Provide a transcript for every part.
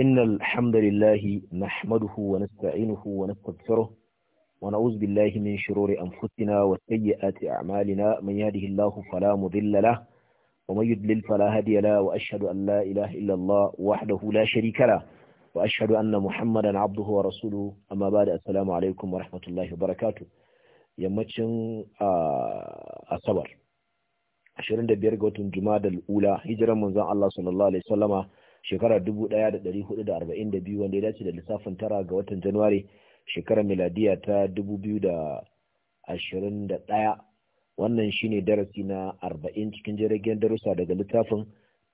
إن الحمد لله نحمده ونستعينه ونستغفره ونعوذ بالله من شرور أنفسنا وسيئات أعمالنا من يهده الله فلا مضل له ومن يضلل فلا هادي له وأشهد أن لا إله إلا الله وحده لا شريك له وأشهد أن محمدا عبده ورسوله أما بعد السلام عليكم ورحمة الله وبركاته yammacin asabar 25 ga watan juma'a da ula hijiran manzon Allah sallallahu alaihi wasallama shekarar 1442 wanda ya dace da lissafin tara ga watan januwari shekarar miladiya ta 2021 wannan shine darasi na 40 cikin jiragen darussa daga littafin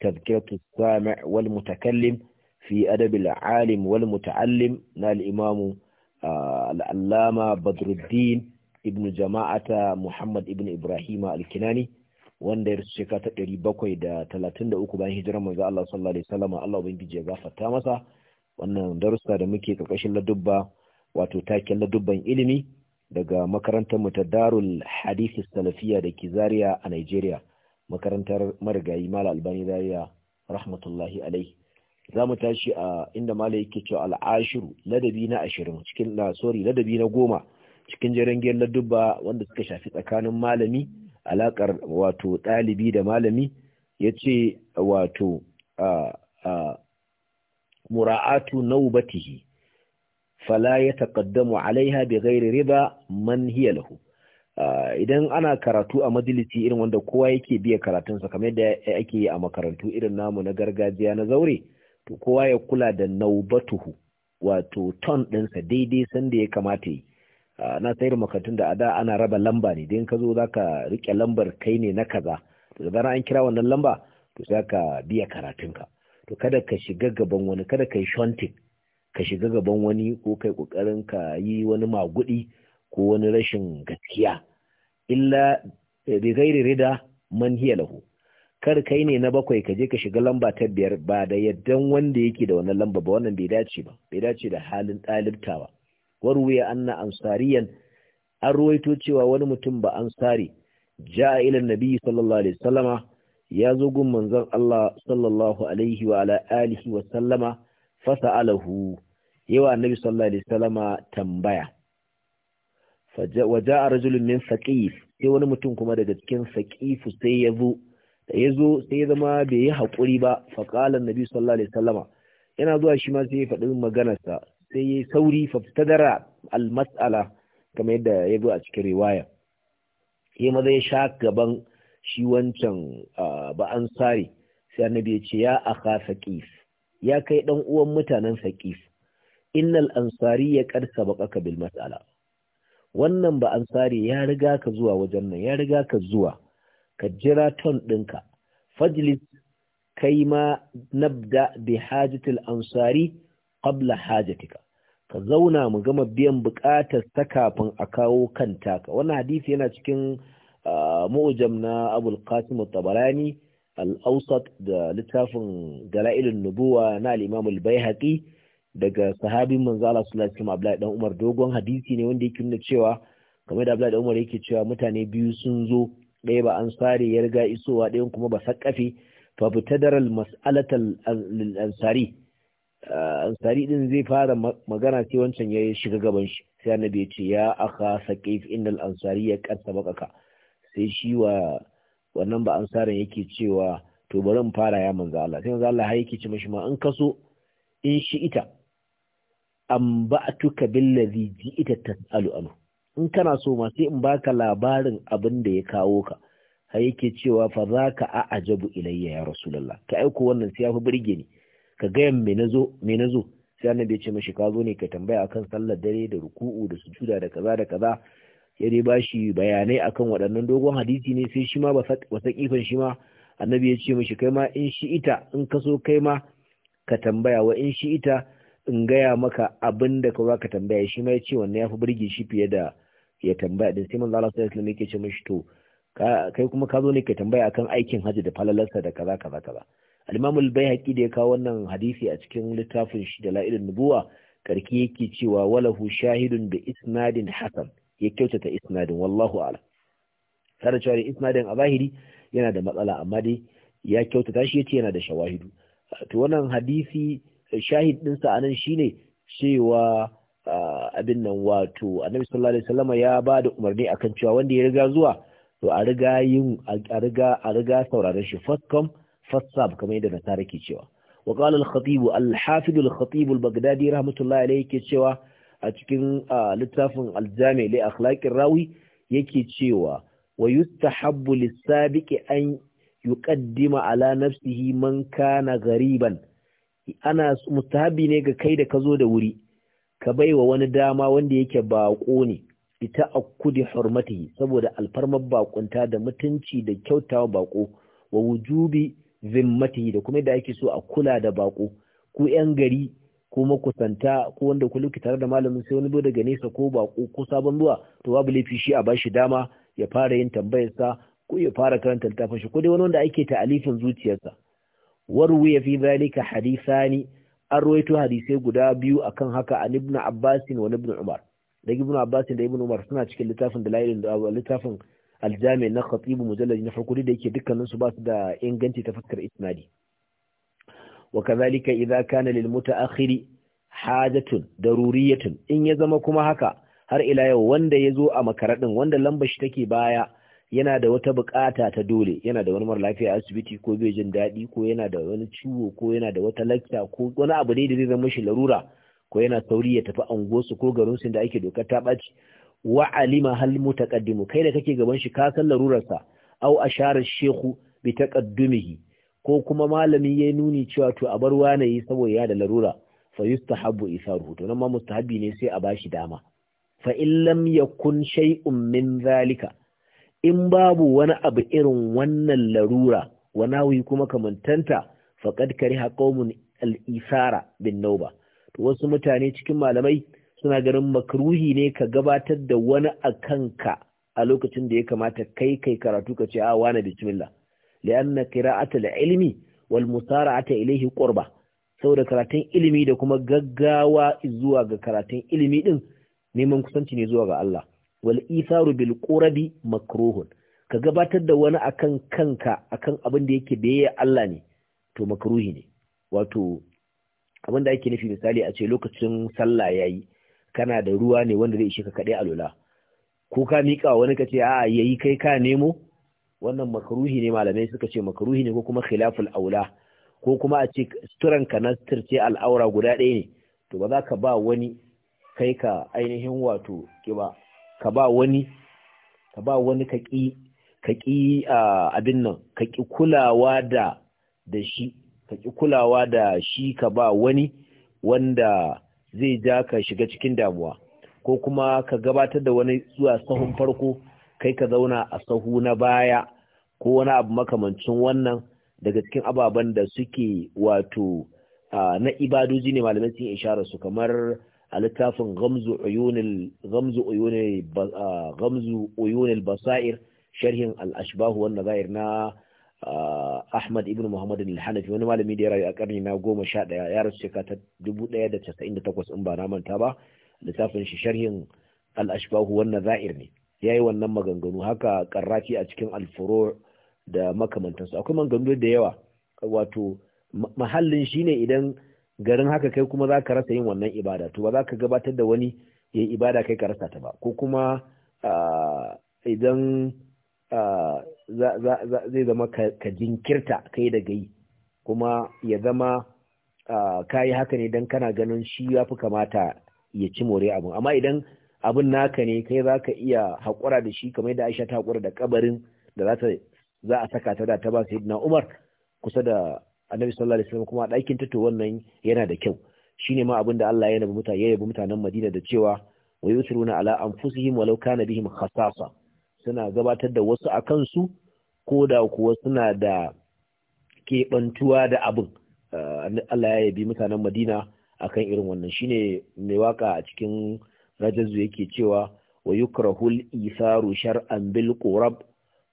tazkiratu sami' wal mutakallim fi adabil alim wal muta'allim na al'imamu imamu badruddin ibn jama'ata muhammad ibnu ibrahima al-kinani wanda ya rasu ta ɗari bakwai da talatin da uku bayan hijirar manzo Allah sallallahu alaihi wasallam Allah ubangiji ya gafarta masa wannan darussa da muke ƙarƙashin ladubba wato taken ladubban ilimi daga makarantar mu ta Darul Hadith Salafiyya da ke Zaria a Nigeria makarantar marigayi Mala Albani Zaria rahmatullahi alaihi za mu tashi a inda Mala yake cewa al'ashiru ladabi na ashirin cikin na sorry ladabi na goma cikin jerengiyar ladubba wanda suka shafi tsakanin malami alaƙar wato ɗalibi da malami ya ce wato mura'atu naubatihi fala ya taƙaddamu alaiha bi gairi riba man hiya lahu idan ana karatu a majalisi irin wanda kowa yake biya karatunsa kamar yadda ake yi a makarantu irin namu na gargajiya na zaure to kowa ya kula da naubatuhu wato ton ɗinsa daidai sanda ya kamata yi Ah, na sayar makarantun da a da ana raba lamba ne don ka zo za ka riƙe lambar kai ne na kaza da an kira wannan lamba to za ka biya karatunka to kada ka shiga gaban wani kada ka yi shontin ka shiga gaban wani ko kai ƙoƙarin ka yi wani magudi ko wani rashin gaskiya illa eh, bi gairi rida man hiya lahu kar kai ne na bakwai ka je ka shiga lamba ta biyar ba da yaddan wanda yake da wannan lamba ba wannan bai dace ba bai dace da halin ɗalibta ba waruwa anna ansariyan an ruwaito cewa wani mutum ba ansari ja ila nabi sallallahu alaihi wasallama ya zo gun manzon Allah sallallahu alaihi wa ala alihi wa sallama fasa'alahu yawa annabi sallallahu alaihi wasallama tambaya waja a rajulun min saƙif sai wani mutum kuma daga cikin saƙifu sai ya zo da ya zo sai ya zama bai yi hakuri ba faƙalan nabi sallallahu alaihi wasallama yana zuwa shi ma sai ya faɗi maganarsa sai yi sauri faftadara al-mas'ala kamar yadda ya zo a cikin riwaya yayi maza ya sha gaban shi wancan ba ansari sai annabi ya ce ya akha saqif ya kai dan uwan mutanen saqif innal ansari ya ƙarsa qad sabaqaka bil matsala wannan ba ya riga ka zuwa wajen nan ya riga ka zuwa ka jira ton ɗinka fajlis kai ma nabda bi hajatul ansari qabla hajatika ka zauna mu gama biyan bukatar ta kafin a kawo kanta ka wannan hadisi yana cikin mu'jam na Abul Qasim Tabarani al-Awsat da littafin Dalailun Nubuwa na al-Imam al-Baihaqi daga sahabin manzo Allah sallallahu alaihi wasallam dan Umar dogon hadisi ne wanda yake nuna cewa kamar da Abdullahi Umar yake cewa mutane biyu sun zo ɗaya ba an sare ya riga isowa ɗayan kuma ba sakafe fa mas'alatal ansari ansari ah, din zai fara magana ce wancan ya shiga gaban shi sai annabi ya ce ya aka saqif innal ansari ya qad bakaka sai shi wa wannan ba ansarin yake cewa to bari in fara ya manzo Allah sai manzo Allah yake ce mishi ma in kaso in shi ita an ba'atuka billazi ji'ita tas'alu anhu in kana so ma sai in baka labarin abin da ya kawo ka har yake cewa fa zaka a'jabu ilayya ya rasulullah ka aiko wannan sai ya fi burge ni ka gaya me nazo zo sai annabi ya ce mashi ka zo ne ka tambaya akan sallar dare da ruku'u da sujuda da kaza da kaza ya dai bashi bayanai akan waɗannan dogon hadisi ne sai shi ma wasa kifan shi ma annabi ya ce mashi kai ma in shi ita in ka so kai ma ka tambaya wa in shi ita in gaya maka abin da ka ka tambaya shi ma ya ce wannan ya fi birge shi fiye da ya tambaya din sai manzo Allah sallallahu alaihi wasallam ce mashi to kai kuma ka zo ne ka tambaya akan aikin hajji da falalarsa da kaza kaza kaza al-imam al bayhaqi da ya kawo wannan hadisi a cikin littafin shi da la'ilin nubuwa karki yake cewa walahu shahidun bi isnadin hasan ya kyautata isnadin wallahu a'lam tare cewa isnadin a zahiri yana da matsala amma dai ya kyautata shi yace yana da shawahidu to wannan hadisi shahid din sa anan shine cewa abin nan wato annabi sallallahu alaihi wasallam ya ba da umarni akan cewa wanda ya riga zuwa to a riga yin a riga a riga sauraron shi fakkam fassab kamar yadda nasara ke cewa wa qala al-khatib al-hafid al-khatib al-baghdadi rahmatullahi alayhi ke cewa a cikin littafin al-jami' li akhlaqir rawi yake cewa wa yustahabbu lis-sabiqi an yuqaddima ala nafsihi man kana ghariban ana mustahabi ne ga kai da ka zo da wuri ka baiwa wani dama wanda yake baƙo ne ita a kudi hurmatihi saboda alfarmar baƙunta da mutunci da kyautawa baƙo wa wujubi zimmatihi da kuma da ake so a kula da bako ku yan gari ko makusanta ko wanda ku luki tare da malamin sai wani daga nesa ko bako ko sabon zuwa to babu laifi shi a bashi dama ya fara yin tambayar sa ko ya fara karanta littafin shi ko dai wani wanda ake ta'alifin zuciyarsa warwi ya fi zalika hadisani an ruwaito hadisai guda biyu akan haka an ibnu abbasin wa ibnu umar da ibnu abbasin da ibnu umar suna cikin littafin da littafin aljami na khatibu mujalladi na farko da yake dukkanin su ba da inganci ta fuskar isnadi wa kazalika idza kana lil mutaakhiri hajatun daruriyatun in ya zama kuma haka har ila yau wanda ya zo a makaradin wanda lambar shi take baya yana da wata bukata ta dole yana da wani mara lafiya asibiti ko bai jin daɗi ko yana da wani ciwo ko yana da wata lakta ko wani abu dai da zai zama shi larura ko yana sauri ya tafi anguwarsu ko garinsu da ake dokar ta ɓaci wa alima hal mutaqaddimu kai da kake gaban shi ka san larurarsa aw ashara shehu bi taqaddumihi ko kuma malami yayi nuni cewa to a bar wani yi saboda ya da larura fa yustahabbu isaruhu to nan ma mustahabi ne sai a bashi dama fa in lam yakun shay'un min zalika in babu wani abu irin wannan larura wa nawi kuma kamantanta faqad kariha qaumun al-isara bin nauba to wasu mutane cikin malamai suna ganin makruhi ne ka gabatar da wani a kanka a lokacin da ya kamata kai kai karatu ka ce a ah, wani bismillah li'anna qira'atul ilmi wal musara'ata ilayhi qurba saboda karatun ilimi da kuma gaggawa zuwa ga karatun ilimi din neman kusanci ne zuwa ga Allah wal isaru bil qurbi makruhun ka gabatar da wani akan kanka akan abin da yake da yayi Allah ne to makruhi ne wato abin da ake nufi misali a ce lokacin sallah yayi kana da ruwa ne wanda zai ishe ka kaɗai lula? ko ka miƙa wani ka ce a yayi kai ka nemo wannan makaruhi ne malamai suka ce makaruhi ne ko kuma khilaful aula ko kuma a ce suturan ka na al'aura guda ɗaya ne to ba za ka ba wani kai ka ainihin wato kiba ka ba wani ka ba wani ka ƙi ka ƙi abin nan ka ƙi kulawa da da shi ka ƙi kulawa da shi ka ba wani wanda zai ja ka shiga cikin damuwa ko kuma ka gabatar da wani zuwa sahun farko kai ka zauna a sahu na baya ko wani abu makamancin wannan daga cikin ababen da suke wato na ibadoji ne malamai sun ishara su kamar a littafin gamzu uyunil basair sharhin al-ashbahu wannan zair na Ahmad ibn Muhammad al-Hanafi wani malami da ya rayu a karni na goma sha ɗaya ya rasu shekara ta dubu ɗaya da casa'in da takwas in ba na manta ba lissafin shi sharhin al-ashbahu wannan za'ir ne ya yi wannan maganganu haka karraki a cikin alfuro da makamantansu akwai maganganu da yawa wato mahallin shine idan garin haka kai kuma za ka rasa yin wannan ibada to ba za ka gabatar da wani ya yi ibada kai ka rasa ta ba ko kuma idan zai zama ka jinkirta kai da yi kuma ya zama ka yi haka ne don kana ganin shi ya fi kamata ya ci more abin amma idan abin naka ne kai za ka iya haƙura da shi kamar yadda aisha ta haƙura da kabarin da za a saka ta da ta ba sai na umar kusa da annabi sallallahu alaihi wasallam kuma a ɗakin tato wannan yana da kyau shine ma abin da Allah ya yabi mutane mutanen Madina da cewa wa yusiruna ala anfusihim walau kana bihim khasasa suna gabatar da wasu a kansu ko da kuwa suna da keɓantuwa da abin uh, Allah ya yabi mutanen Madina a kan irin wannan shine mai waka a cikin rajazu yake cewa wa yukrahul isaru shar'an bil qurab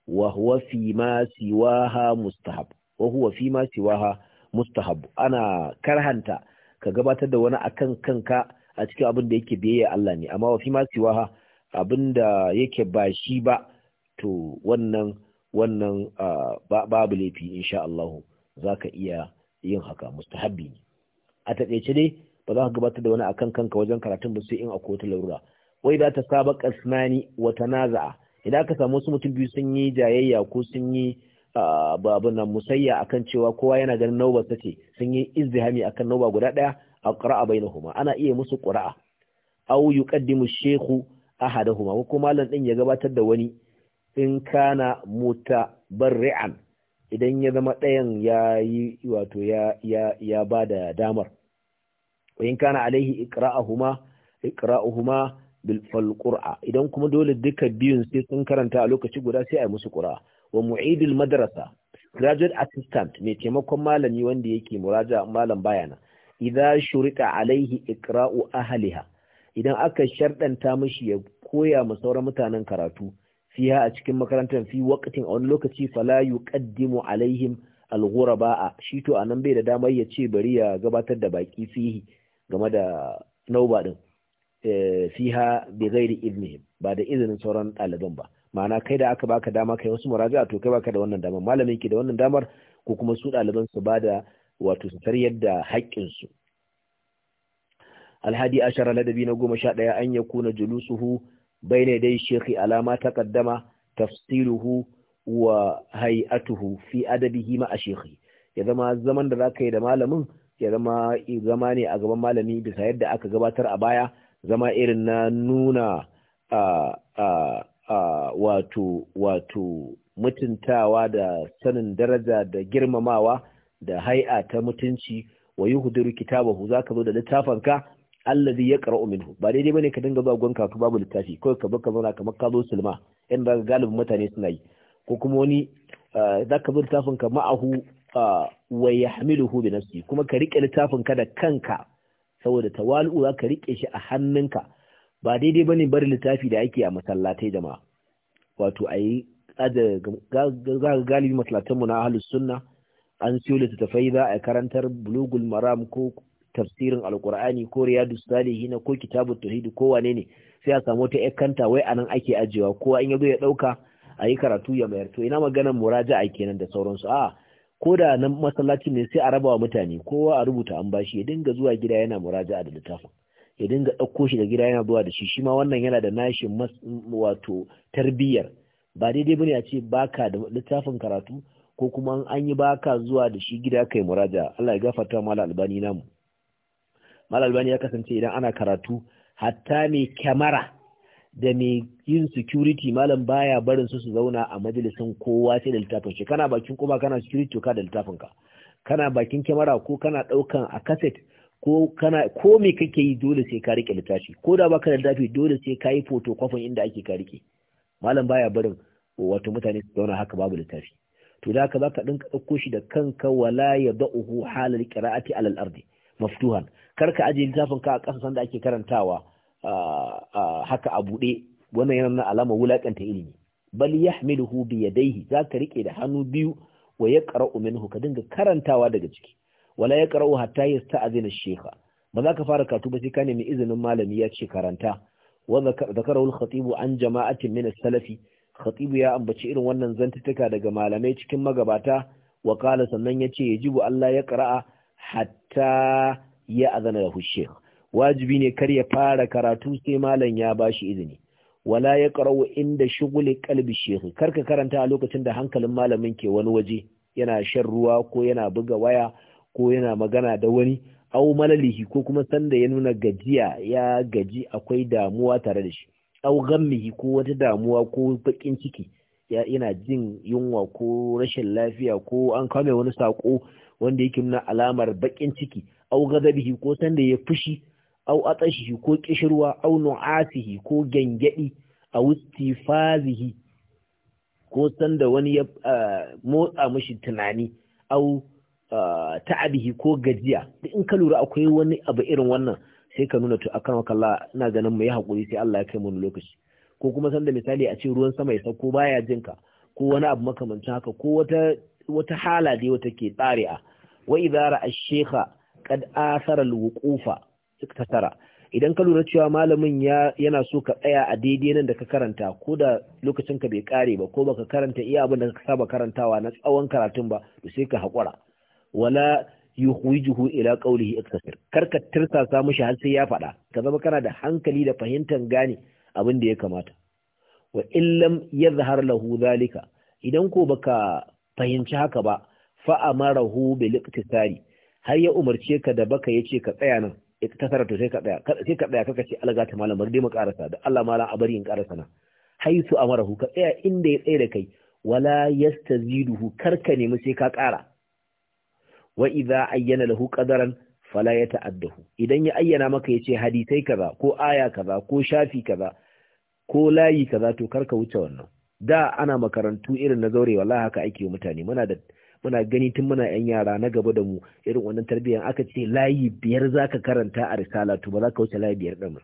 wa huwa fi ma siwaha mustahab wa huwa fi ma siwaha mustahab ana karhanta ka gabatar da wani akan kanka a cikin abin da yake biyayya Allah ne amma wa fi ma siwaha abin da yake ba shi ba to wannan wannan babu laifi insha Allah za ka iya yin haka mustahabbi ne a taƙaice dai ba za ka gabatar da wani akan kanka wajen karatun ba sai in a kotu larura wai da ta saba kasmani wata naza'a? idan aka samu wasu mutum biyu sun yi jayayya ko sun yi babu nan musayya akan cewa kowa yana ganin naubar ta ce sun yi izdihami akan nauba guda ɗaya a ƙura'a bainahuma ana iya musu ƙura'a au yuqaddimu shehu ahadahuma ko malam din ya gabatar da wani in kana barri'an idan ya zama ɗayan ya yi wato ya ya ya bada damar wa in kana alaihi iqra'uhuma iqra'uhuma bil qur'a idan kuma dole duka biyun sai sun karanta a lokaci guda sai a musu kura wa mu'idil madrasa graduate assistant mai taimakon malami wanda yake muraja malam bayana idza shurita alaihi iqra'u ahliha idan aka sharɗanta mishi ya koya ma sauran mutanen karatu fiha a cikin makarantar fi waqtin a wani lokaci fala yuqaddimu alaihim alghuraba shi to anan bai da damar ya ce bari ya gabatar da baki fihi game da nauba din eh, fiha bi ghairi idnihim ba da izinin sauran ɗaliban ba ma'ana kai da aka baka dama kai wasu muraja'a to kai baka da wannan damar malamin ki da wannan damar ko kuma su ɗaliban su ba da wato su yadda haƙƙinsu alhadi ashara ladabi na goma sha ɗaya an ya kuna julusuhu bai ne dai shekhi alama ta kaddama tafsiruhu wa hay'atuhu fi adabihi ma a shekhi ya zama zaman da za ka yi da malamin ya zama zama ne a gaban malami bisa yadda aka gabatar a baya zama irin na nuna wato wato mutuntawa da sanin daraja da girmamawa da hai'a ta mutunci wa yuhdiru kitabahu zaka zo da littafanka Allah zai allazi yaqra'u minhu ba daidai bane ka dinga zuwa gon ka babu littafi kawai ka baka zauna kamar ka zo sulma in da galibin mutane suna yi ko kuma wani eh, za ka zo littafin ka ma'ahu eh, wa yahmiluhu bi nafsi kuma ka rike littafin ka da kanka saboda tawalu za ka rike shi a hannunka ba daidai bane bar littafi da ake a masallatai jama'a wato ayi ada galibi masallatanmu na ahlus sunna an siyo littattafai za a karantar bulugul maram ko tafsirin alkur'ani ko riyadu na ko kitabu tauhidi ko wane ne sai a samu yar kanta wai anan ake ajewa kowa in yazo ya dauka a yi karatu ya mayar to ina maganar muraja'a kenan da sauransu a ko da na masallaci ne sai a raba wa mutane kowa a rubuta an bashi ya dinga zuwa gida yana muraja'a da littafin ya dinga ɗauko shi da gida yana zuwa da shi shi ma wannan yana da nashi wato tarbiyyar ba daidai bane a ce baka da littafin karatu ko kuma an yi baka zuwa da shi gida kai muraja Allah ya gafarta mala albani namu malalbani ya kasance idan ana karatu hatta mai kyamara da mai yin security malam baya barin su su zauna a majalisin kowa sai da littafin shi kana bakin kuma kana security ka da littafin ka kana bakin kyamara ko kana daukan a cassette ko kana ko me kake yi dole sai ka rike littafi ko da baka da littafi dole sai ka yi kwafin inda ake ka rike malam baya barin wato mutane su zauna haka babu littafi to da ka zaka dinka dauko shi da kanka wala ya ba'uhu halal qira'ati alal ardi maftuhan kar ka ajiye littafin ka a ƙasa sanda ake karantawa haka a buɗe wannan yana na alama wulaƙanta ilimi bal yahmiluhu bi yadayhi za ka rike da hannu biyu wa yaqra'u minhu ka dinga karantawa daga ciki wala yaqra'u hatta yasta'zina ash-shaykha ba za ka fara katu ba sai ka nemi izinin malami ya ce karanta wa zakarahu al-khatibu an jama'atin min as-salafi khatibu ya ambaci irin wannan zantutuka daga malamai cikin magabata wa ce sannan yace yajibu Allah ya qara'a hatta ya azana da hushe wajibi ne kar ya fara karatu sai malam ya bashi izini wala ya qara'u inda shughuli qalbi sheikh kar ka karanta a lokacin da hankalin malamin ke wani waje yana shan ruwa ko yana buga waya ko yana magana da wani au malalihi ko kuma sanda ya nuna gajiya ya gaji akwai damuwa tare da shi au gammihi ko wata damuwa ko bakin ciki yana jin yunwa ko rashin lafiya ko an kame wani sako wanda yake nuna alamar bakin ciki au gadabihi ko sanda ya fushi au atsashihi ko kishirwa au nu'asihi ko gengedi au istifazihi ko sanda wani ya motsa mashi tunani au ta'abihi ko gajiya in ka lura akwai wani abu irin wannan sai ka nuna to akan Allah ina ganin mu yi hakuri sai Allah ya kai mu lokaci ko kuma sanda misali a ce ruwan sama ya sauko baya jinka ko wani abu makamancin haka ko wata wata hala dai wata ke a. wa idara ash-shaykha qad athara al-wuqufa tara idan ka lura cewa malamin yana so ka tsaya a daidai nan da ka karanta ko da lokacin ka bai kare ba ko baka karanta iya abin da ka saba karantawa na tsawon karatun ba to sai ka hakura wala yukhrijuhu ila qawlihi iktasir ka tirsasa mishi har sai ya faɗa ka zama kana da hankali da fahimtar gane abin da ya kamata wa illam yadhhar lahu zalika idan ko baka fahimci haka ba fa amarahu bil iktisari har ya umarce ka da baka yace ka tsaya nan iktisara to sai ka tsaya sai ka tsaya kaka ce alga ta malam bari mu karasa da Allah malam a bari in karasa na, haisu amarahu ka tsaya inda ya tsaya da kai wala yastaziduhu karka nemi sai ka kara wa idza ayyana lahu qadaran fala ya ta'addahu idan ya ayyana maka yace ce hadisai kaza ko aya kaza ko shafi kaza ko layi kaza to karka wuce wannan da ana makarantu irin na zaure wallahi haka ake mutane muna da muna gani tun muna yan yara na gaba da mu irin wannan tarbiyyar aka ce layi biyar zaka karanta a risala to ba za ka wuce layi biyar din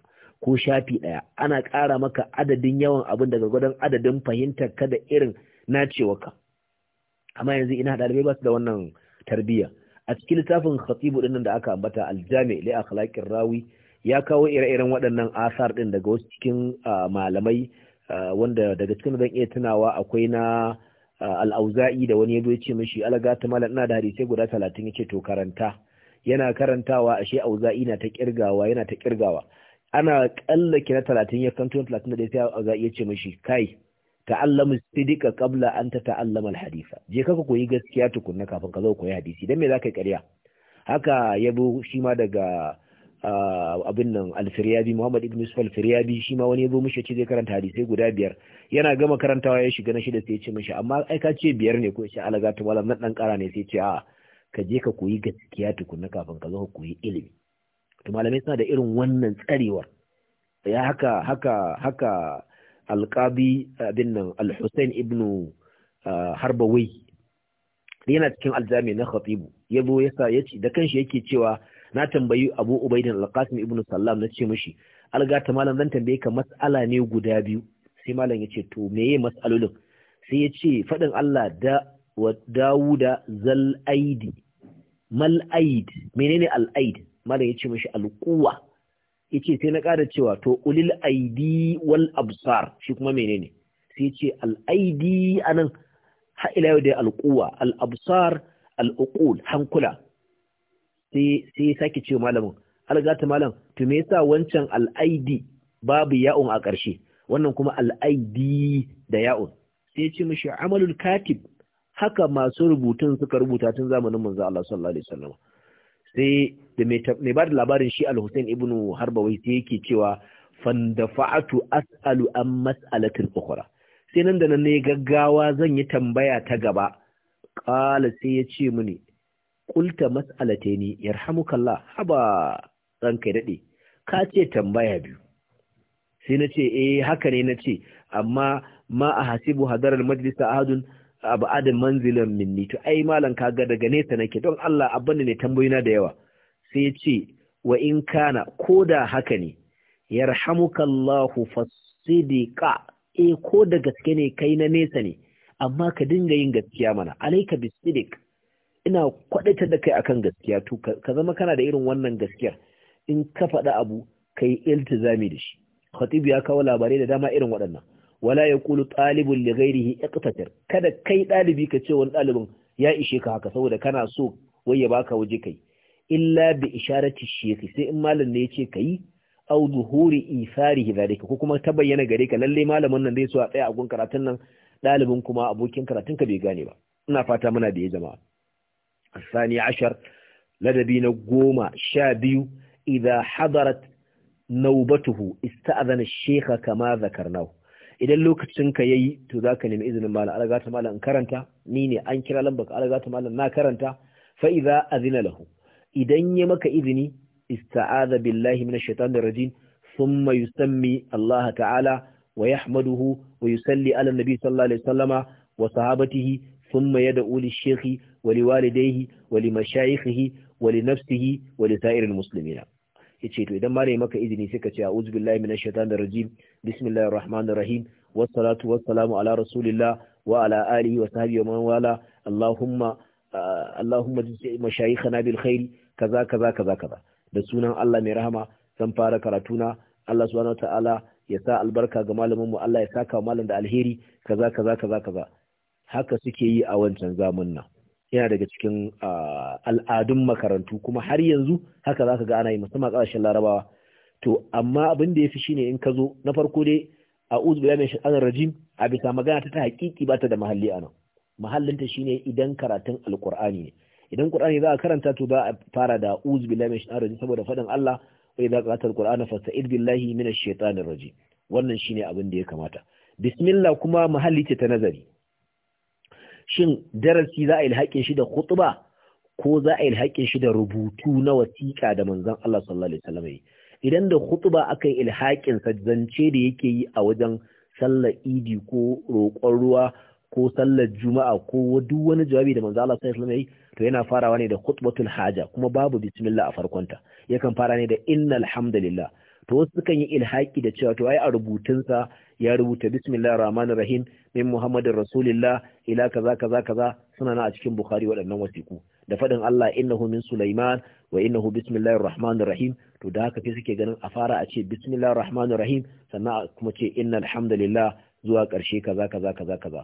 ko shafi daya ana ƙara maka adadin yawan abin daga gwadon adadin fahimtar ka da irin cewa ka amma yanzu ina ɗalibai ba su da wannan tarbiyya a cikin littafin khatibu dinnan da aka ambata aljami li akhlaqir rawi ya kawo ire-iren waɗannan asar din daga wasu cikin ah, malamai Ah, wanda daga cikin zan iya tunawa akwai na ah, al'auza'i da wani yazo ya ce mishi alaga ta malam ina da hadisai guda talatin ya ce to karanta yana karantawa ashe auza'i na ta kirgawa yana ta kirgawa ana kalla na talatin ya kanto talatin da ya sai auza'i ya ce mishi kai ta'allamu sidika qabla an tata'allama al-haditha je kaka koyi gaskiya tukunna kafin ka zo koyi hadisi dan me zaka yi ƙarya haka yabo shi ma daga abin nan alfiryabi muhammad ibn yusuf alfiryabi shi ma wani ya zo mishi ce zai karanta hadisai guda biyar yana gama karantawa ya shiga na shida sai ya ce mishi amma ai ka ce biyar ne ko ya ce alaga ta malam nan dan kara ne sai ya ce a ka je ka koyi gaskiya tukunna kafin ka zo ka koyi ilimi to malamai suna da irin wannan tsarewar ya haka haka haka alqabi abin nan alhusain ibn harbawi yana cikin aljami na khatibu ya zo ya ya ce da kanshi yake cewa na tambayi Abu Ubaidin alƙasim ibn Sallam na ce mishi algata malam zan tambaye ka mas'ala ne guda biyu sai malam ya ce to meye mas'alolin sai ya ce faɗin Allah da wa Dawuda zal aidi mal aid menene al aid malam yace mashi al quwa ce sai na ƙara cewa to ulil aidi wal absar shi kuma menene sai yace al aidi anan ha ila yau da al quwa al absar al uqul hankula sai sai sake ce malamin algata malam to me yasa wancan al'aidi babu ya'un a ƙarshe wannan kuma al'aidi da ya'un sai ce mishi amalul katib haka masu rubutun suka rubuta tun zamanin manzo Allah sallallahu alaihi wasallam sai da mai ba da labarin shi al-Hussein ibnu Harbawi sai yake cewa fandafa'atu as'alu an mas'alatin ukhra sai nan da nan ne gaggawa zan yi tambaya ta gaba qala sai ya ce mini kulta ni yarhamukallah haba ranka dade ka ce tambaya biyu sai na ce eh haka ne na ce amma ma a hasibu hadarar majalisa ahadun abu manzilan minni to ai malam kaga daga nesa nake don Allah abin ne tambayoyina da yawa sai ya ce wa in kana ko da haka ne yarhamukallahu fasidika eh ko da gaske ne kai na nesa ne amma ka dinga yin gaskiya mana alayka bisidik ina kwadatar da kai akan gaskiya to ka zama kana da irin wannan gaskiyar in ka faɗa abu kai iltizami da shi khatib ya kawo labarai da dama irin waɗannan wala ya yaqulu ɗalibin li ghairihi iqtatir kada kai ɗalibi ka ce wani ɗalibin ya ishe ka haka saboda kana so wai ya baka waje kai illa bi isharati shekhi sai in malam ne ya ce kai au zuhuri isarihi zalika ko kuma ta bayyana gare ka lalle malamin nan zai so a tsaya a gun karatun nan ɗalibin kuma abokin karatun ka bai gane ba ina fata muna da ya jama'a الثاني عشر لدبين قوم شابيو إذا حضرت نوبته استأذن الشيخ كما ذكرناه idan lokacin ka yayi to zaka nemi izinin malam alaga ta malam karanta ni ne an kira lamba ka alaga ta malam na karanta fa idza azina lahu idan ya maka izini ista'adha billahi minash shaitanir rajim thumma yusammi Allah ta'ala wa yahmaduhu wa yusalli ala nabi sallallahu alaihi wasallama wa sahabatihi ثم يدعو للشيخ ولوالديه ولمشايخه ولنفسه ولسائر المسلمين yace to idan malami maka izini sai ka ce a'udhu billahi minash shaitanir rajim bismillahir rahmanir rahim wassalatu wassalamu ala rasulillah wa ala alihi wa sahbihi wa man wala allahumma allahumma jisi mashayikhana bil khair kaza kaza kaza kaza da sunan Allah mai rahama zan fara karatuna Allah subhanahu ta'ala ya sa albarka ga malamin mu Allah ya saka malam da alheri kaza kaza kaza kaza haka suke yi a wancan zamun nan yana daga cikin al'adun makarantu kuma har yanzu haka za ka ga ana yi musamman ƙasashen larabawa to amma abin da ya fi shine in ka zo na farko dai a bayan shi an rajim a bisa magana ta ta haƙiƙi ba ta da mahalli a nan mahallinta shine idan karatun alƙur'ani ne idan ƙur'ani za a karanta to za a fara da bayan shi an rajim saboda faɗin allah wai za ka zatar ƙur'ana fasta'id billahi min shaɗanar rajim wannan shine abin da ya kamata bismillah kuma mahalli ce ta nazari shin darasi za a ilhaƙin shi da khutba ko za a ilhaƙin shi da rubutu na wasiƙa da manzon Allah sallallahu alaihi wasallam idan da khutba aka yi ilhaƙin sa zance da yake yi a wajen sallar idi ko roƙon ruwa ko sallar juma'a ko duk wani jawabi da manzon Allah sallallahu alaihi wasallam to yana farawa ne da khutbatul haja kuma babu bismillah a farkonta yakan fara ne da innal hamdalillah to wasu sukan yi ilhaki da cewa to ai a rubutunsa ya rubuta bismillahir rahman rahim min muhammadin rasulillah ila kaza kaza kaza suna na a cikin bukhari waɗannan wasiku da faɗin Allah innahu min sulaiman wa innahu bismillahir rahman rahim to da haka sai suke ganin a fara a ce bismillahir rahman rahim sannan kuma ce inna alhamdulillah zuwa ƙarshe kaza kaza kaza kaza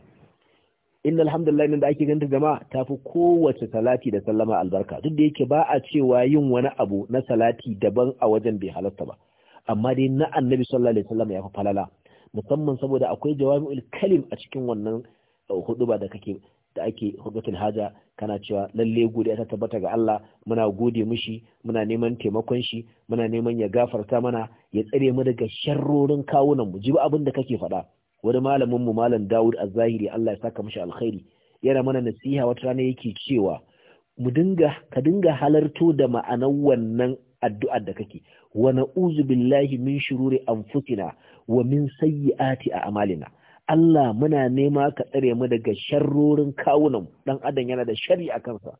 inna alhamdulillah nan da ake ganin jama'a fi kowace salati da sallama albarka duk da yake ba a cewa yin wani abu na salati daban a wajen bai halarta ba amma dai na annabi sallallahu alaihi wasallam ya fi falala musamman saboda akwai jawami'ul kalim a cikin wannan eh, huduba da kake da ake hudutul haja kana cewa lalle godiya ta tabbata ga Allah muna gode mishi muna neman taimakon shi muna neman ya gafarta mana ya tsare mu daga sharrorin kawunan mu jibi abin da kake faɗa wani malamin mu malam Dawud Az-Zahiri Allah ya saka mishi alkhairi yana mana nasiha wata rana yake cewa mu dinga ka dinga halarto da ma'anar wannan addu'ar da kake wa na'uzu billahi min shururi anfusina wa min sayyiati a'malina Allah muna nema ka tsare mu daga sharrorin kawunan ɗan adam yana da shari a kansa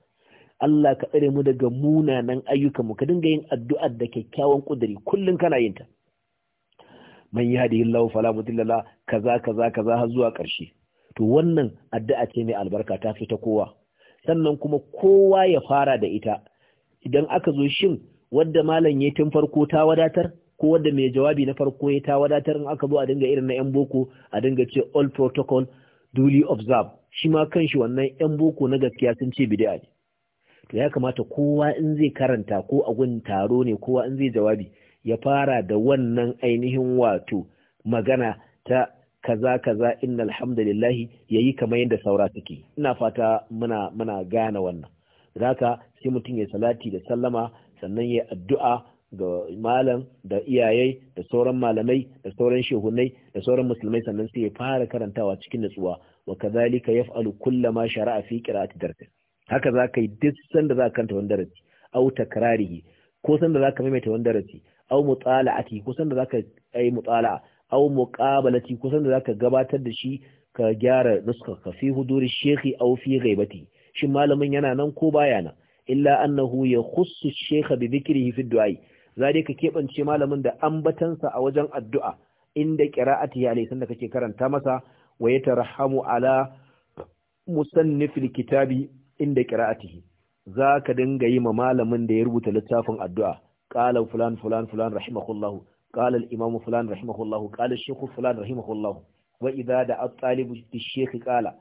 Allah ka tsare mu daga munanan ayyukanmu ka dinga yin addu'ar da kyakkyawan kuduri kullum kana yin ta man yahdihillahu fala mudilla kaza kaza kaza har zuwa ƙarshe to wannan addu'a ce mai albarka ta fi ta kowa sannan kuma kowa ya fara da ita idan aka zo shin wadda malam ya tun farko ta wadatar ko wadda mai jawabi na farko ya ta wadatar in aka zo a dinga irin na yan boko a dinga ce all protocol duly observe shi ma kanshi wannan yan boko na gaskiya sun ce bid'a ne to ya kamata kowa in zai karanta ko a gun taro ne kowa in zai jawabi ya fara da wannan ainihin wato magana ta kaza kaza inna alhamdulillahi yayi kamar yadda saura suke ina fata muna muna gane wannan zaka sai mutum ya salati da sallama sannan ya addu'a ga malam da iyaye da sauran malamai da sauran shehunai da sauran musulmai sannan sai ya fara karantawa cikin natsuwa wa kazalika yaf'alu kullama shara'a fi qira'ati darsin haka za ka yi duk sanda za ka kanta wani darasi au takrarihi ko sanda za ka maimaita wani darasi au mutala'ati ko sanda za ka ai mutala'a au muqabalati ko sanda za ka gabatar da shi ka gyara nuskar ka fi huduri shekhi au fi ghaibati shin malamin yana nan ko baya nan illa annahu ya khussu shekha bi zikrihi fi du'ai zai ka keɓance malamin da ambatansa a wajen addu'a inda qira'ati ya alai da kake karanta masa wa yatarhamu ala musannifil kitabi inda qira'atihi za ka dinga yi ma malamin da ya rubuta littafin addu'a qala fulan fulan fulan rahimahullahu qala al-imam fulan rahimahullahu qala ash-shaykh fulan rahimahullahu wa idza da'a at-talib li-shaykh qala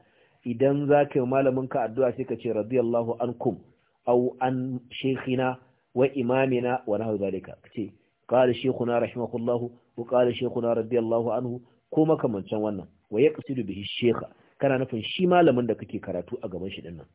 idan za ka yi malamin ka addu'a sai ka ce radiyallahu ankum aw an shaykhina wa imamina wa nahwu zalika kace qala shaykhuna rahimahullahu wa qala shaykhuna radiyallahu anhu ko makamancan wannan wa yaqsidu bihi shaykha kana nufin shi malamin da kake karatu a gaban shi dinnan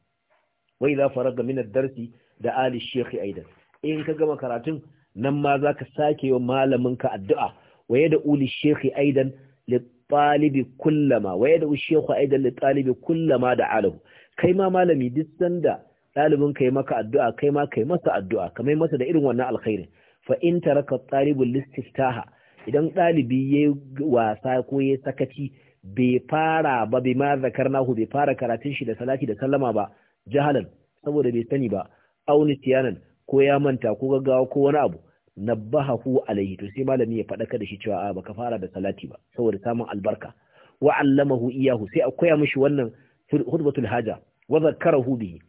wa idza faraga min ad-darsi da ali shaykhi aidan in ka gama karatun nan ma zaka sake wa malamin ka addu'a wa yada uli shaykhi aidan li talibi kullama wa yada shaykhu aidan li talibi kullama da alahu kai ma malami duk sanda ɗalibin kai maka addu'a kai ma kai masa addu'a kamar masa da irin wannan alkhairin fa in taraka ɗalibin listiftaha idan ɗalibi ya wasa ko ya sakaci bai fara ba bai ma zakarnahu bai fara karatun shi da salati da sallama ba jahalan saboda bai sani ba auni tiyanan ko ya manta ko gaggawa ko wani abu nabbahahu alaihi to sai malami ya faɗaka da shi cewa a baka fara da salati ba saboda samun albarka wa allamahu iyahu sai a koya mishi wannan hudbatul haja wa zakkarahu bihi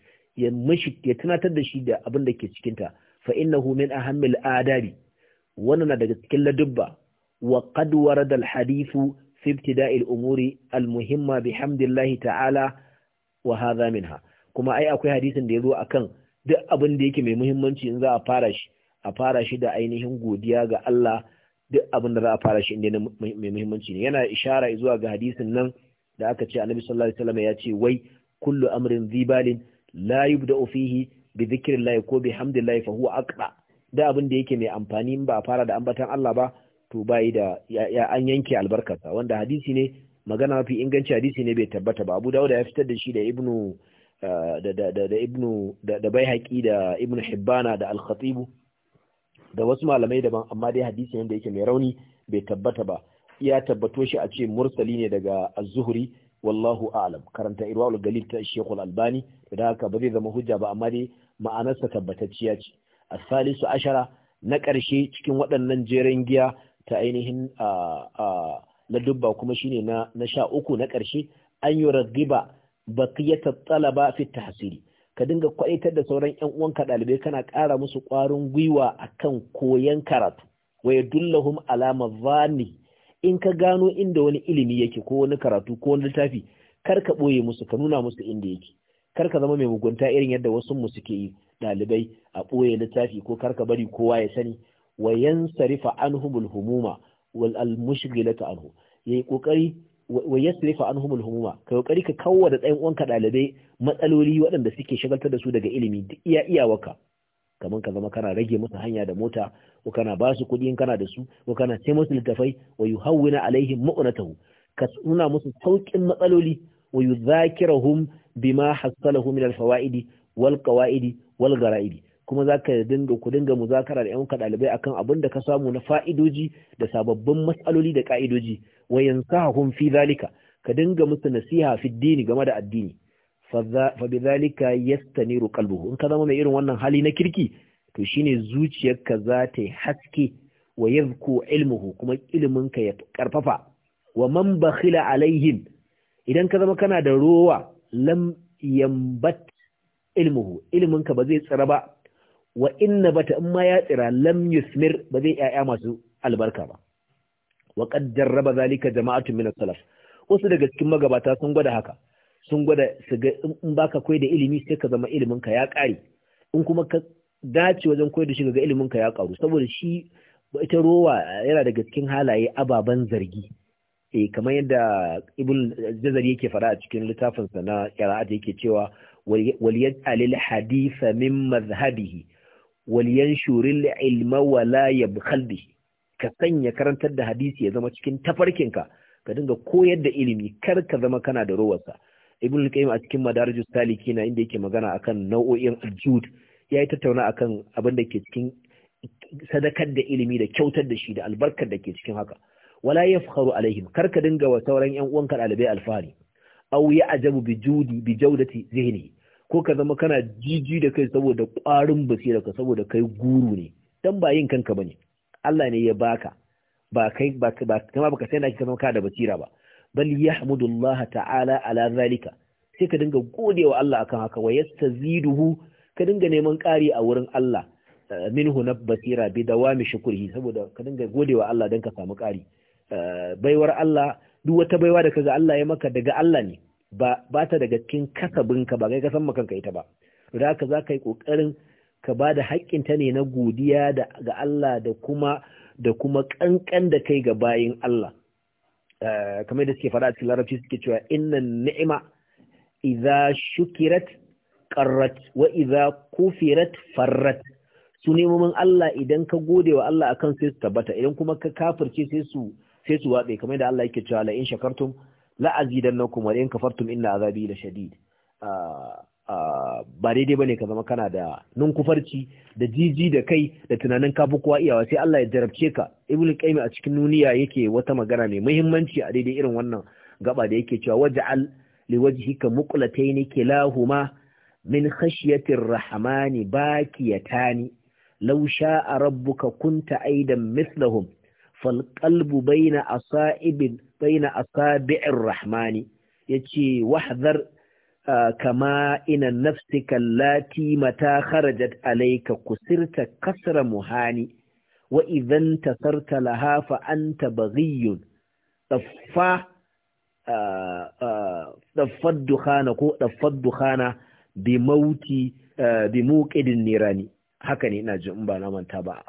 ya mishi ya tunatar da shi da abin da ke cikinta fa innahu min ahammil adabi wannan na daga cikin ladubba wa qad warada al hadithu fi ibtida'i al umuri al muhimma bihamdillahi ta'ala wa hadha minha kuma ai akwai hadisin da yazo akan duk abin da yake mai muhimmanci in za a fara shi a fara shi da ainihin godiya ga Allah duk abin da za a fara shi inda mai muhimmanci ne yana ishara zuwa ga hadisin nan da aka ce annabi sallallahu alaihi wasallam ya ce wai kullu amrin zibalin la yubda'u fihi bi dhikrillah ko bi hamdillah fa huwa aqda da abin da yake mai amfani ba fara da ambatan Allah ba to bai da ya an yanke albarkarsa wanda hadisi ne magana mafi inganci hadisi ne bai tabbata ba Abu Dawud ya fitar da shi da Ibnu eh, da da da Ibnu da Baihaqi da Ibnu Hibbana da Al-Khatib da wasu malamai daban amma dai hadisi ne da yake mai rauni bai tabbata ba ya tabbato shi a ce mursali ne daga az-Zuhri wallahu a'lam karanta irwaul galil ta Sheikh albani da haka ba zai zama hujja ba amma dai ma'anarsa tabbatacciya ce asalisu salisu ashara na karshe cikin waɗannan jeren giya ta ainihin a dubba kuma shine na na sha uku na ƙarshe an yi ragiba baqiyata talaba fi tahsili ka dinga kwaitar da sauran yan uwanka ɗalibai kana ƙara musu ƙwarin gwiwa akan koyan karatu wa yadullahum ala in ka gano inda wani ilimi yake ko wani karatu ko wani littafi kar ka ɓoye musu ka nuna musu inda yake kar ka zama mai mugunta irin yadda wasu mu suke yi dalibai a ɓoye littafi ko kar ka bari kowa ya sani wa yansarifa anhumul humuma wal almushghilatu anhu yayi kokari wa yasrifa anhumul humuma ka kokari ka kawo da ɗayan uwanka ɗalibai matsaloli waɗanda suke shagaltar da su daga ilimi duk iya waka kamar ka zama kana rage musu hanya da mota ko kana ba su kuɗi kana da su ko kana sai musu littafai wa yuhawwina alaihim ma'unatahu ka nuna musu saukin matsaloli wa yudhakirahum bima hasalahu min alfawaidi wal qawaidi wal garaidi kuma zaka dinga ku dinga muzakara da yan ɗalibai akan abin da ka samu na fa'idoji da sababbin matsaloli da ka'idoji wa yansahum fi zalika ka dinga musu nasiha fi dini game da addini fa bi zalika yastaniru qalbuhu in ka zama mai irin wannan hali na kirki to shine zuciyarka za ta haske wa yadhku ilmuhu kuma iliminka ya karfafa wa man bakhila alaihim idan ka zama kana da rowa lam yambat ilmuhu iliminka ba zai tsira ba wa inna bata in ma ya tsira lam yusmir ba zai yaya masu albarka ba wa qad jarraba zalika jama'atun min as-salaf wasu daga cikin magabata sun gwada haka sun gwada su ga in baka koyi da ilimi sai ka zama iliminka ya ƙare in kuma ka dace wajen koyi da shi ga iliminka ya ƙaru saboda shi ita rowa yana daga cikin halaye ababen zargi eh kamar yadda ibn jazari yake fara a cikin littafinsa na qira'at yake cewa وليجعل الحديث من مذهبه ولينشر العلم ولا يبخل به ka sanya karantar da hadisi ya zama cikin tafarkinka ka dinga koyar da ilimi kar ka zama kana da rowarsa ibn al-qayyim a cikin madarijus salikin na inda yake magana akan nau'o'in aljud ya yi tattauna akan abin da ke cikin sadakar da ilimi da kyautar da shi da albarkar da ke cikin haka wala yafkharu alaihim kar ka dinga wa sauran yan uwanka dalibai alfahari aw ya'jabu ajabu bi judi bi jawdati zihni ko ka zama kana jiji da kai saboda ƙwarin ka saboda kai guru ne dan ba yin kanka bane Allah ne ya baka ba kai ba kama baka sai na kika zama ka da basira ba bal Allah ta'ala ala zalika sai ka dinga godewa Allah akan haka wa yastaziduhu ka dinga neman ƙari a wurin Allah eh, minhu na basira bi dawami shukrihi saboda ka dinga godewa Allah dan ka samu ƙari eh, baiwar Allah duk wata baiwa da kaga Allah ya maka daga Allah ne ba ba ta daga cikin kasabinka ba kai ka san makanka ita ba da haka za ka yi kokarin ka ba da ta ne na godiya ga Allah da kuma da kuma ƙanƙan da kai ga bayin Allah Eh, kamar da suke faɗa a cikin larabci suke cewa innan ni'ima idza shukirat qarrat wa idza kufirat farrat su nemomin Allah idan ka gode wa Allah akan sai su tabbata idan kuma ka kafirce sai su sai su kamar da Allah yake cewa la in shakartum la azidannakum wa in kafartum inna azabi la shadid ah, ba daidai bane ka zama kana da nunkufarci da jiji da kai da tunanin ka kowa iyawa sai Allah ya jarabce ka ibnu qayyim a cikin nuniya yake wata magana mai muhimmanci a daidai irin wannan gaba da yake cewa waj'al liwajhika muqlatayn kilahuma min khashyati ar-rahmani bakiyatani law sha'a rabbuka kunta aidan mithlahum fal qalbu bayna asa'ib bayna asabi'ir rahmani yace wahdhar kama ina nafsika lati mata kharajat alayka kusirta kasra muhani wa idan tasarta laha fa anta baghiyun daffa daffad dukhana ko daffad dukhana bi mauti bi muqidin nirani haka ne ina jin ba na manta ba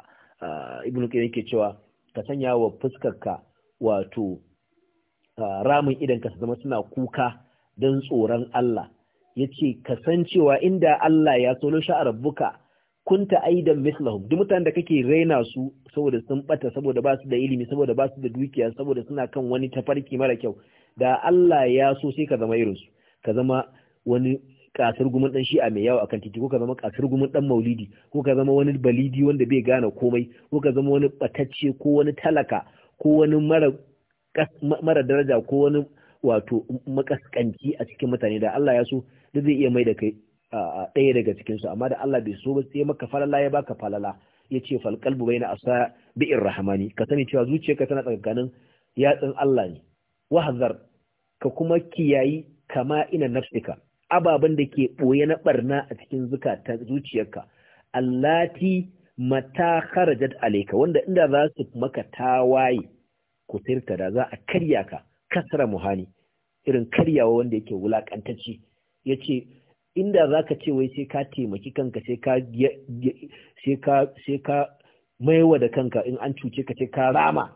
ibnu qayyim yake cewa ka sanya wa fuskarka wato ramin idan ka zama suna kuka don tsoron Allah ya ce kasancewa inda Allah ya solo rabbuka, kun kunta aidan mislahum duk mutanen da kake raina su saboda sun bata saboda ba su da ilimi saboda ba su da dukiya saboda suna kan wani tafarki mara kyau da Allah ya so sai ka zama irinsu, ka zama wani kasar gumin dan shi'a mai yawo akan titi ko ka zama kasar gumin dan maulidi ko ka zama wani balidi wanda bai gane komai ko ka zama wani batacce ko wani talaka ko wani mara daraja ko wani wato makaskanci a cikin mutane da Allah ya so duk zai iya mai da kai ɗaya daga cikin su amma da Allah bai so ba sai maka falala ya baka falala ya ce fal qalbu baina asa bi'ir rahmani ka sani cewa zuciyarka tana tsakanin yatsun Allah ne Wahazar ka kuma kiyayi kama ina nafsika ababen da ke boye na barna a cikin zukata zuciyarka allati mata kharajat alayka wanda inda za su maka tawaye kusirta da za a karya ka kasra muhani irin karyawa wanda yake wulakantacce yace inda zaka ce wai sai ka taimaki kanka sai ka sai maiwa da kanka in an cuce ka ce ka rama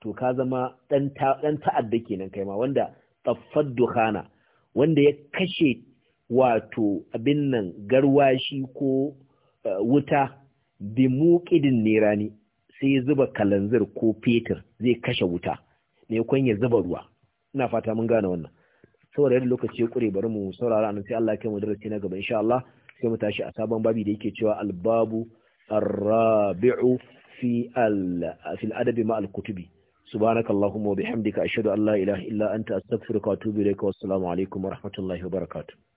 to ka zama ɗan dan ta'adda kenan kai ma wanda taffad dukhana wanda ya kashe wato abin nan garwashi ko eh, wuta bi muqidin nirani sai zuba kalanzir ko fetur zai kashe wuta ne kwan ya zuba ruwa ina fata mun gane wannan saboda yadda lokaci ya kure bari mu saurara nan sai Allah ya kai mu darasi na gaba insha Allah sai mu tashi a sabon babi da yake cewa al-babu ar-rabi'u fi al-fi al-adab ma al-kutubi subhanakallahumma wa bihamdika ashhadu an la ilaha illa anta astaghfiruka wa atubu wa assalamu alaikum wa rahmatullahi wa barakatuh